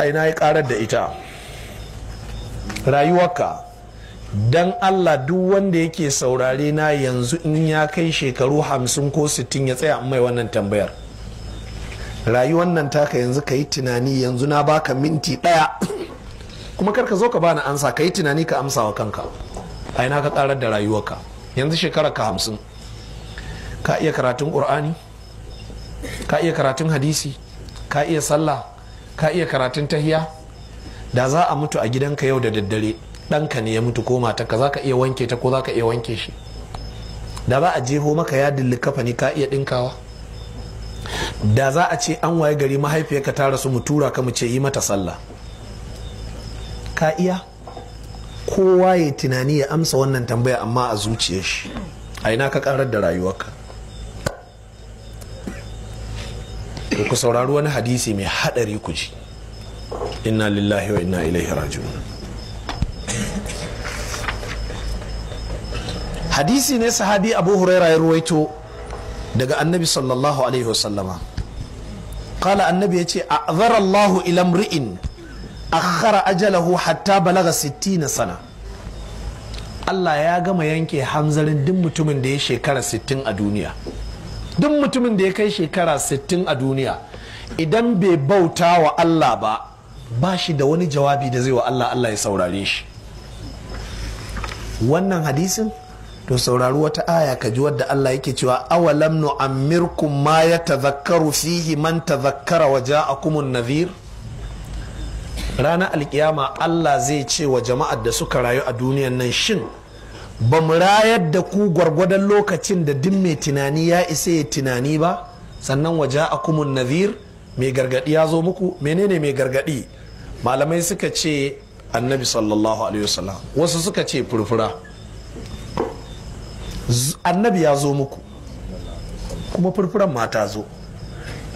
a ina ya karar da ita rayuwarka don allah duk wanda yake saurare na yanzu in ya kai shekaru hamsin ko sittin ya tsaya mai wannan tambayar rayuwar nan taka yanzu ka yi tunani yanzu na baka minti ɗaya kuma karka zo ka bani ansa ka yi tunani ka amsa wa kanka a ina ka karar da rayuwarka yanzu shekarar ka hamsin ka iya karatun ƙur'ani ka iya karatun hadisi ka iya sallah ka iya karatun tahiya da za a mutu a gidanka yau da daddare ɗanka ne ya mutu ko matarka za ka iya wanke ta ko za ka iya wanke shi da ba a jeho maka yadin dilli ne ka iya ɗinkawa da za a ce an waye gari mahaifiyarka ta rasu mu tura ka mu ce yi mata sallah ka iya kowa ya tunani ya amsa wannan tambaya amma a zuciyar shi a ina ka karar da rayuwarka ku saurari wani hadisi mai hadari ku ji inna lillahi wa inna ilaihi raji'un hadisi ne sahabi abu huraira ya ruwaito daga annabi sallallahu alaihi wasallama kala annabi ya ce a zarallahu ilam ri'in akhara ajalahu hatta balaga 60 sana Allah ya gama yanke hanzarin duk mutumin da ya shekara 60 a duniya duk mutumin da ya kai shekara 60 a duniya idan bai bauta wa Allah ba ba shi da wani jawabi da zai wa Allah Allah ya saurare shi wannan hadisin to saurari wata aya ka ji wadda Allah yake cewa awalam amirkum ma tazakkaru fihi man tazakkara wa ja'akumun nadhir ranar alkiyama Allah zai ce wa jama'ar da suka rayu a duniyan nan shin ba mu rayar da ku gwargwadon lokacin da duk mai tunani ya isa ya tunani ba sannan waje a kumun nazir mai gargadi ya zo muku menene mai gargadi malamai suka ce annabi sallallahu alaihi wasallam wasu suka ce furfura annabi ya zo muku kuma furfuran mata zo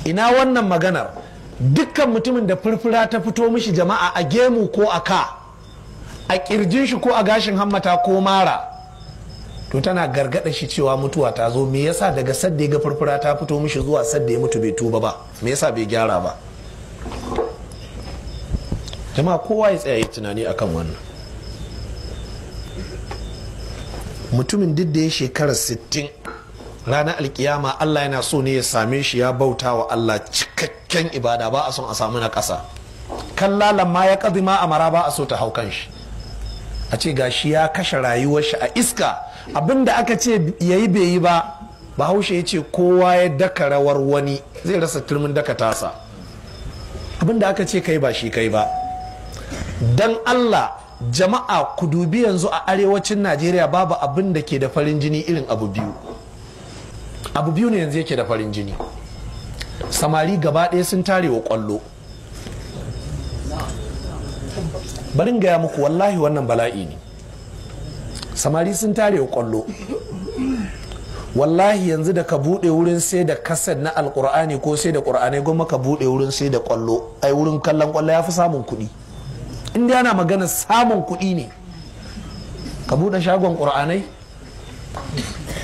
ina wannan maganar dukkan mutumin da furfura ta fito mishi jama'a a gemu ko a ka a kirjin shi ko a gashin hammata ko mara to tana gargada shi cewa mutuwa ta zo me yasa daga sadda ga furfura ta fito mishi zuwa sadda ya mutu bai tuba ba me yasa bai gyara ba jama'a kowa ya tsaya tunani akan wannan mutumin duk da ya shekarar sittin ranar alkiyama Allah yana so ne ya same shi ya bauta wa Allah cikakken ibada ba a son a samu na ƙasa kan ma ya ƙazima a mara ba a so ta hau kan shi a ce gashi ya kashe rayuwar shi a iska abinda aka ce ya yi bai yi ba bahaushe ya ce kowa ya daka rawar wani zai rasa turmin daka tasa abinda aka ce kai ba shi kai ba don Allah jama'a ku dubi yanzu a arewacin Najeriya babu abin da ke da farin jini irin abu biyu abu biyu ne yanzu yake da farin jini samari gaba ɗaya sun tare wa kwallo barin gaya muku wallahi wannan bala'i ne samari sun tare kwallo wallahi yanzu da ka buɗe wurin sai da kaset na alkur'ani ko sai da ƙur'anai goma ka buɗe wurin sai da kwallo ai wurin kallon kwallo ya fi samun kuɗi inda yana magana samun kuɗi ne ka buɗe shagon ƙur'anai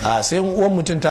a sai uwan mutum ta